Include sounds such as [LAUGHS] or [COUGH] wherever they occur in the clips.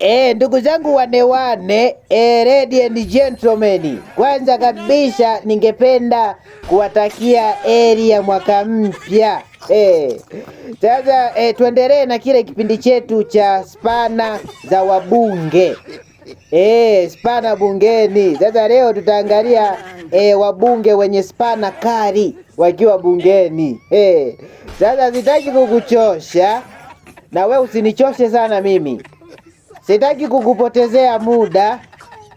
E, ndugu zangu wane e, eh, ladies and gentlemen, kwanza kabisa ningependa kuwatakia heri ya mwaka mpya. Eh, sasa e, e, tuendelee na kile kipindi chetu cha spana za wabunge e, spana bungeni. Sasa leo tutaangalia e, wabunge wenye spana kali wakiwa bungeni e. Sasa sitaki kukuchosha na we usinichoshe sana mimi Sitaki kukupotezea muda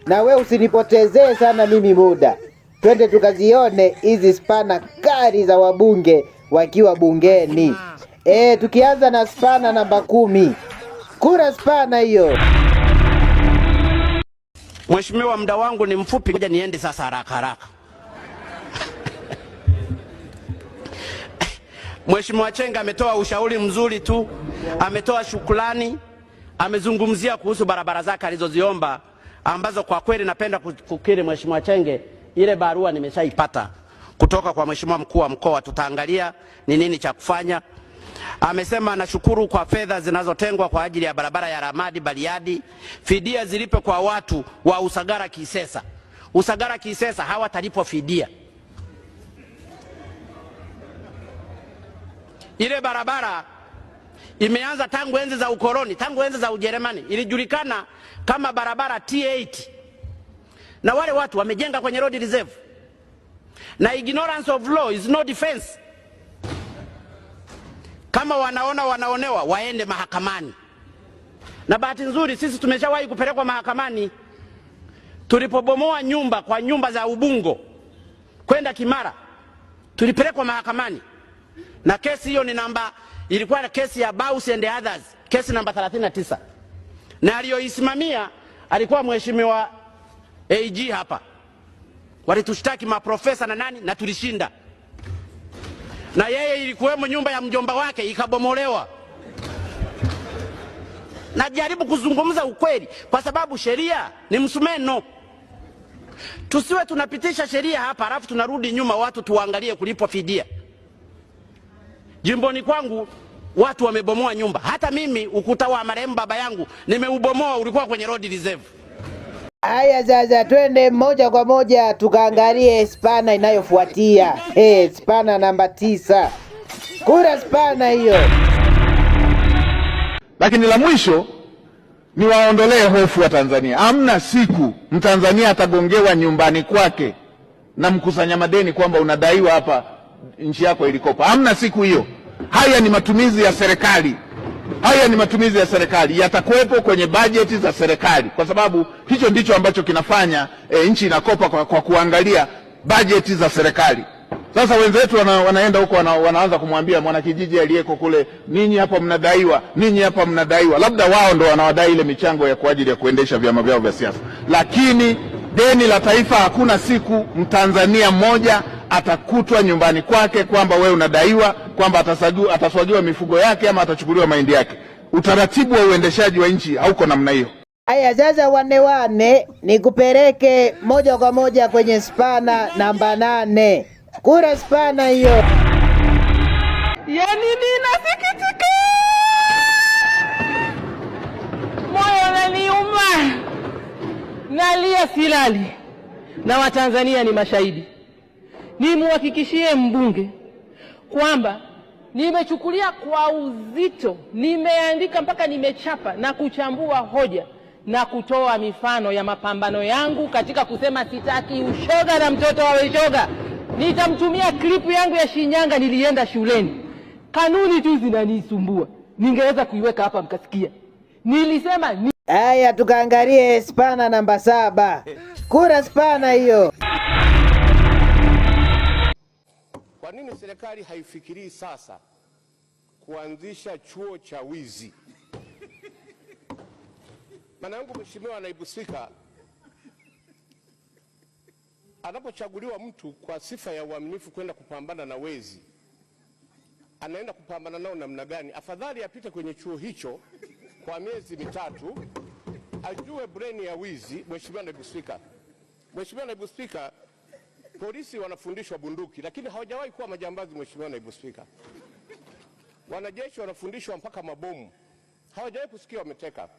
na we usinipotezee sana mimi muda. Twende tukazione hizi spana kali za wabunge wakiwa bungeni. E, tukianza na spana namba kumi. Kura spana hiyo. Mheshimiwa, muda wangu ni mfupi, ngoja niende sasa haraka haraka. [LAUGHS] Mheshimiwa Chenga ametoa ushauri mzuri tu, ametoa shukrani amezungumzia kuhusu barabara zake alizoziomba ambazo kwa kweli napenda kukiri Mheshimiwa Chenge, ile barua nimeshaipata kutoka kwa Mheshimiwa mkuu wa mkoa, tutaangalia ni nini cha kufanya. Amesema anashukuru kwa fedha zinazotengwa kwa ajili ya barabara ya Ramadi Bariadi, fidia zilipe kwa watu wa Usagara Kisesa. Usagara Kisesa hawatalipwa fidia. Ile barabara imeanza tangu enzi za ukoloni, tangu enzi za Ujerumani. Ilijulikana kama barabara T8, na wale watu wamejenga kwenye road reserve, na ignorance of law is no defense. Kama wanaona wanaonewa, waende mahakamani. Na bahati nzuri sisi tumeshawahi kupelekwa mahakamani tulipobomoa nyumba kwa nyumba za Ubungo kwenda Kimara, tulipelekwa mahakamani na kesi hiyo ni namba ilikuwa na kesi ya Baus and others, kesi namba 39 na aliyoisimamia alikuwa mheshimiwa AG hapa. Walitushtaki maprofesa na nani na tulishinda, na yeye ilikuwemo nyumba ya mjomba wake ikabomolewa. Najaribu kuzungumza ukweli kwa sababu sheria ni msumeno. Tusiwe tunapitisha sheria hapa alafu tunarudi nyuma watu tuangalie kulipwa fidia. Jimboni kwangu watu wamebomoa nyumba. Hata mimi ukuta wa marehemu baba yangu nimeubomoa, ulikuwa kwenye road reserve. Haya, sasa twende moja kwa moja tukaangalie spana inayofuatia. Hey, eh, spana namba tisa, kura spana hiyo. Lakini la mwisho ni waondolee hofu wa Tanzania. Hamna siku mtanzania atagongewa nyumbani kwake na mkusanya madeni kwamba unadaiwa hapa, nchi yako ilikopa. Hamna siku hiyo. Haya ni matumizi ya serikali, haya ni matumizi ya serikali, yatakuwepo kwenye bajeti za serikali, kwa sababu hicho ndicho ambacho kinafanya e, nchi inakopa kwa, kwa kuangalia bajeti za serikali. Sasa wenzetu wana, wanaenda huko wana, wanaanza kumwambia mwanakijiji aliyeko kule, ninyi hapa mnadaiwa, ninyi hapa mnadaiwa. Labda wao ndo wanawadai ile michango ya kwa ajili ya kuendesha vyama vyao vya siasa, lakini deni la taifa, hakuna siku mtanzania mmoja atakutwa nyumbani kwake kwamba wewe unadaiwa kwamba ataswagiwa mifugo yake ama atachukuliwa mahindi yake. Utaratibu wa uendeshaji wa nchi hauko namna hiyo. Haya, sasa wane wane, nikupeleke moja kwa moja kwenye spana namba nane. Kura spana hiyo yani, ninasikitika, moyo unaniuma, nalia silali, na Watanzania ni mashahidi. Nimuhakikishie mbunge kwamba nimechukulia kwa uzito, nimeandika mpaka nimechapa na kuchambua hoja na kutoa mifano ya mapambano yangu katika kusema sitaki ushoga na mtoto awe shoga. Nitamtumia klipu yangu ya Shinyanga, nilienda shuleni, kanuni tu zinanisumbua, ningeweza kuiweka hapa mkasikia. Nilisema ni... Aya, tukaangalie spana namba saba, kura spana hiyo. Kwa nini serikali haifikirii sasa kuanzisha chuo cha wizi? Maana yangu Mheshimiwa Naibu Spika, anapochaguliwa mtu kwa sifa ya uaminifu kwenda kupambana na wezi, anaenda kupambana nao namna gani? Afadhali apite kwenye chuo hicho kwa miezi mitatu, ajue breni ya wizi. Mheshimiwa Naibu Spika, Mheshimiwa Naibu Spika, Polisi wanafundishwa bunduki, lakini hawajawahi kuwa majambazi, Mheshimiwa Naibu Spika. Wanajeshi wanafundishwa mpaka mabomu, hawajawahi kusikia wameteka.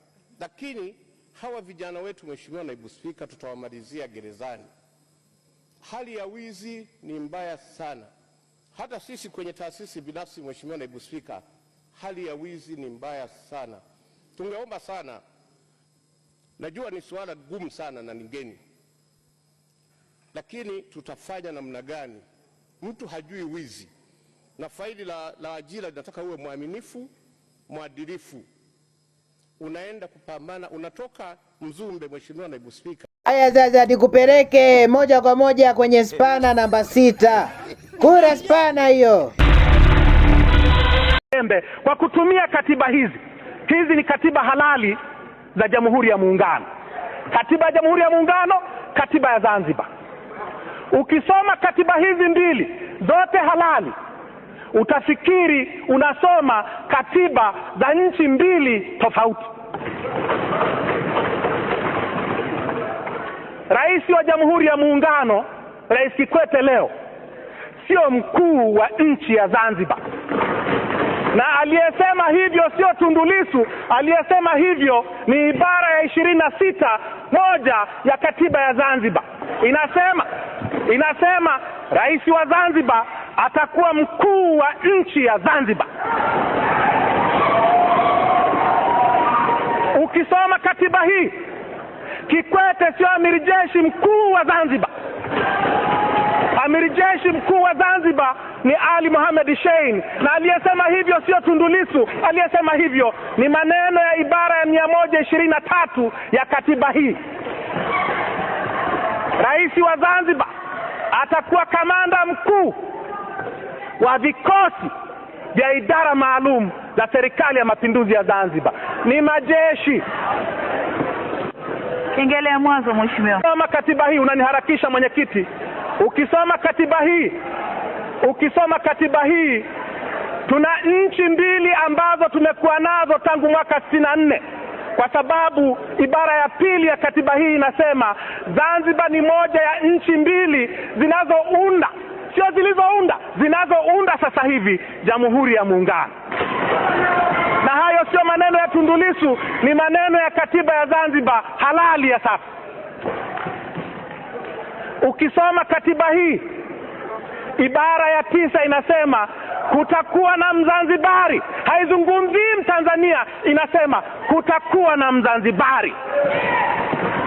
Lakini hawa vijana wetu, Mheshimiwa Naibu Spika, tutawamalizia gerezani. Hali ya wizi ni mbaya sana, hata sisi kwenye taasisi binafsi. Mheshimiwa Naibu Spika, hali ya wizi ni mbaya sana. Tungeomba sana, najua ni suala gumu sana na ningeni lakini tutafanya namna gani? Mtu hajui wizi, na faili la, la ajira linataka uwe mwaminifu, mwadilifu. Unaenda kupambana, unatoka Mzumbe, Mheshimiwa Naibu Spika. Aya, sasa nikupeleke moja kwa moja kwenye spana namba sita, kura spana hiyo kwa kutumia katiba hizi. Hizi ni katiba halali za Jamhuri ya Muungano, katiba ya Jamhuri ya Muungano, katiba ya Zanzibar. Ukisoma katiba hizi mbili zote halali, utafikiri unasoma katiba za nchi mbili tofauti. Rais wa Jamhuri ya Muungano, Rais Kikwete leo sio mkuu wa nchi ya Zanzibar, na aliyesema hivyo sio tundulisu Aliyesema hivyo ni ibara ya ishirini na sita moja ya katiba ya Zanzibar inasema inasema rais wa Zanzibar atakuwa mkuu wa nchi ya Zanzibar. Ukisoma katiba hii, Kikwete sio amiri jeshi mkuu wa Zanzibar. Amiri jeshi mkuu wa Zanzibar ni Ali Mohamed Shein, na aliyesema hivyo sio Tundu Lissu. Aliyesema hivyo ni maneno ya ibara ya mia moja ishirini na tatu ya katiba hii. Rais wa Zanzibar atakuwa kamanda mkuu wa vikosi vya idara maalum la serikali ya mapinduzi ya Zanzibar, ni majeshi. Kengele ya mwanzo, mheshimiwa. Soma katiba hii, unaniharakisha mwenyekiti. Ukisoma katiba hii, ukisoma katiba hii, tuna nchi mbili ambazo tumekuwa nazo tangu mwaka sitini na nne kwa sababu ibara ya pili ya katiba hii inasema Zanzibar ni moja ya nchi mbili zinazounda, sio zilizounda, zinazounda sasa hivi Jamhuri ya Muungano. Na hayo sio maneno ya Tundu Lissu, ni maneno ya katiba ya Zanzibar halali ya sasa. Ukisoma katiba hii ibara ya tisa inasema kutakuwa na Mzanzibari. Haizungumzii Mtanzania, inasema kutakuwa na Mzanzibari.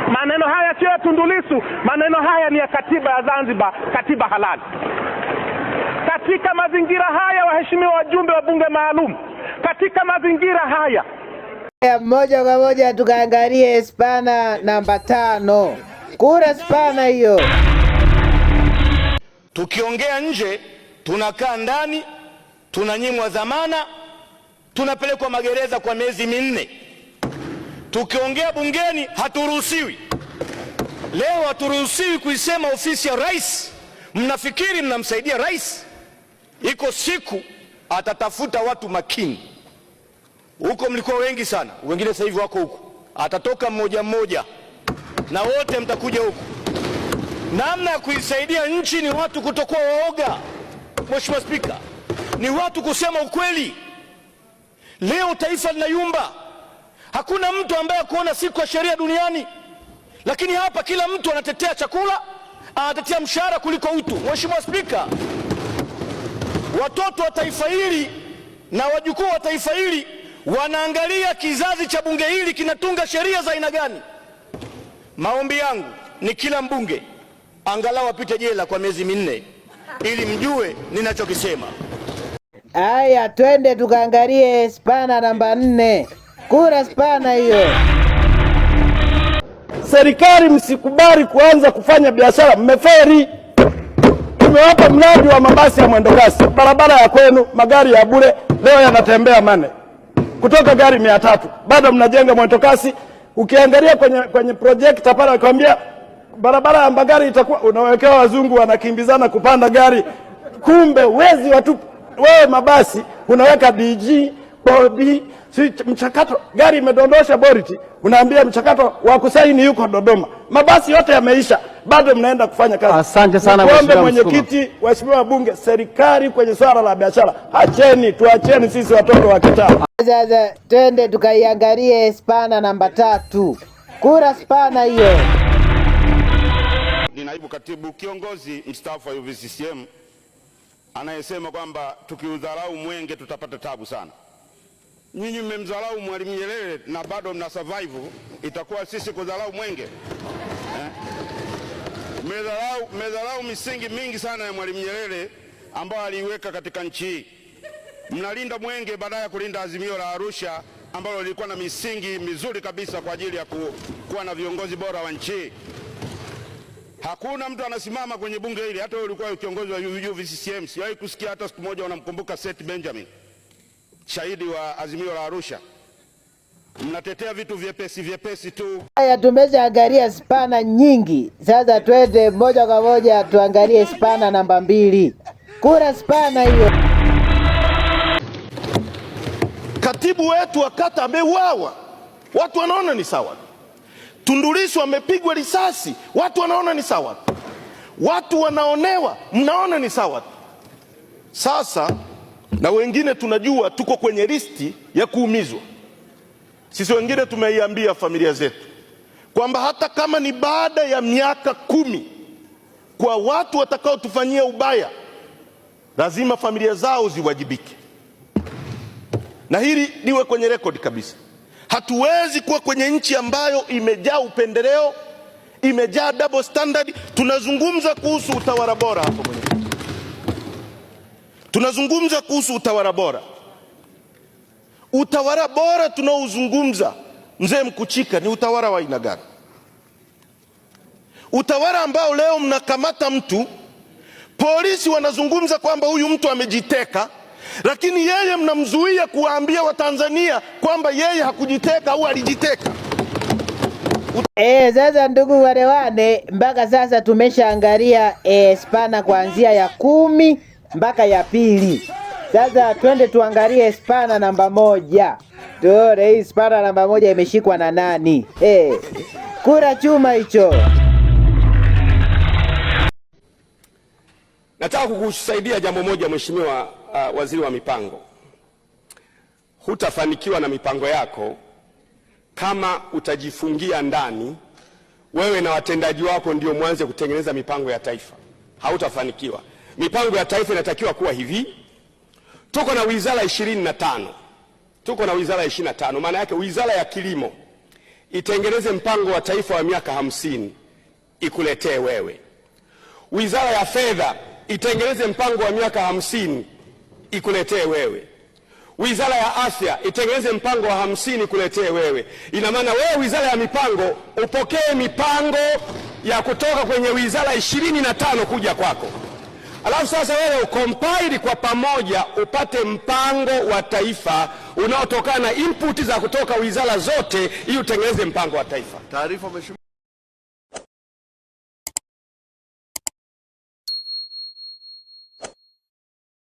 Maneno haya sio ya Tundulisu, maneno haya ni ya katiba ya Zanzibar, katiba halali. Katika mazingira haya, waheshimiwa wajumbe wa bunge maalum, katika mazingira haya moja kwa moja tukaangalie spana namba tano, kura spana hiyo. Tukiongea nje, tunakaa ndani tunanyimwa dhamana, tunapelekwa magereza kwa miezi minne. Tukiongea bungeni haturuhusiwi. Leo haturuhusiwi kuisema ofisi ya rais. Mnafikiri mnamsaidia rais? Iko siku atatafuta watu makini. Huko mlikuwa wengi sana, wengine sasa hivi wako huko, atatoka mmoja mmoja na wote mtakuja huku. Namna ya kuisaidia nchi ni watu kutokuwa waoga. Mheshimiwa Spika ni watu kusema ukweli. Leo taifa linayumba, hakuna mtu ambaye kuona siku ya sheria duniani, lakini hapa kila mtu anatetea chakula, anatetea mshahara kuliko utu. Mheshimiwa Spika, watoto wa taifa hili na wajukuu wa taifa hili wanaangalia kizazi cha bunge hili kinatunga sheria za aina gani. Maombi yangu ni kila mbunge angalau apite jela kwa miezi minne ili mjue ninachokisema. Aya, twende tukaangalie spana namba nne. Kura spana hiyo. Serikali, msikubali kuanza kufanya biashara, mmeferi. Tumewapa mradi wa mabasi ya mwendokasi, barabara ya kwenu, magari ya bure, leo yanatembea mane kutoka gari mia tatu, bado mnajenga mwendokasi. Ukiangalia kwenye, kwenye projekta pale wakiwambia barabara ya magari itakuwa, unawekewa wazungu wanakimbizana kupanda gari, kumbe wezi watupu wewe mabasi unaweka DG bodi si mchakato, gari imedondosha boriti, unaambia mchakato wa kusaini yuko Dodoma. Mabasi yote yameisha, bado mnaenda kufanya kazi. Asante sana mheshimiwa Mwenyekiti, waheshimiwa wabunge, serikali kwenye swala la biashara, acheni, tuacheni sisi watoto wa kitaa. Sasa twende tukaiangalie spana namba tatu, kura spana hiyo. Ni naibu katibu kiongozi mstaafu wa UVCCM anayesema kwamba tukiudharau mwenge tutapata tabu sana. Nyinyi mmemdharau Mwalimu Nyerere na bado mna survive, itakuwa sisi kudharau mwenge eh? Mmedharau misingi mingi sana ya Mwalimu Nyerere ambayo aliiweka katika nchi hii. Mnalinda mwenge badala ya kulinda azimio la Arusha ambalo lilikuwa na misingi mizuri kabisa kwa ajili ya ku, kuwa na viongozi bora wa nchi. Hakuna mtu anasimama kwenye bunge hili, hata wewe ulikuwa kiongozi wa UVCCM, siwahi kusikia hata siku moja unamkumbuka Seth Benjamin, shahidi wa Azimio la Arusha. Mnatetea vitu vyepesi vyepesi tu. Haya, tumeshaangalia spana nyingi, sasa twende moja kwa moja tuangalie spana namba mbili. Kura spana hiyo. Katibu wetu wa kata ameuawa, watu wanaona ni sawa Tundu amepigwa risasi, watu wanaona ni sawa, watu wanaonewa, mnaona ni sawa. Sasa na wengine tunajua tuko kwenye listi ya kuumizwa. Sisi wengine tumeiambia familia zetu kwamba hata kama ni baada ya miaka kumi, kwa watu watakaotufanyia ubaya lazima familia zao ziwajibike, na hili liwe kwenye rekodi kabisa. Hatuwezi kuwa kwenye nchi ambayo imejaa upendeleo, imejaa double standard. Tunazungumza kuhusu utawala bora hapo, mwenyekiti, tunazungumza kuhusu utawala bora. Utawala bora tunaozungumza mzee Mkuchika ni utawala wa aina gani? Utawala ambao leo mnakamata mtu, polisi wanazungumza kwamba huyu mtu amejiteka lakini yeye mnamzuia kuwaambia Watanzania kwamba yeye hakujiteka au alijiteka. E, sasa ndugu warewane, mpaka sasa tumeshaangalia e, spana kuanzia ya kumi mpaka ya pili. Sasa twende tuangalie spana namba moja. Tuone hii spana namba moja imeshikwa na nani? E, kura chuma hicho. Nataka kukusaidia jambo moja mheshimiwa uh, waziri wa mipango, hutafanikiwa na mipango yako kama utajifungia ndani wewe na watendaji wako ndio mwanze kutengeneza mipango ya taifa, hautafanikiwa. Mipango ya taifa inatakiwa kuwa hivi. Tuko na wizara ishirini na tano tuko na wizara ishirini na tano Maana yake wizara ya kilimo itengeneze mpango wa taifa wa miaka hamsini ikuletee wewe. Wizara ya fedha itengeneze mpango wa miaka hamsini ikuletee wewe, wizara ya afya itengeneze mpango wa hamsini ikuletee wewe. Ina maana wewe wizara ya mipango upokee mipango ya kutoka kwenye wizara ishirini na tano kuja kwako, alafu sasa wewe ukompaili kwa pamoja upate mpango wa taifa unaotokana na input za kutoka wizara zote, ili utengeneze mpango wa taifa. Taarifa mheshimiwa.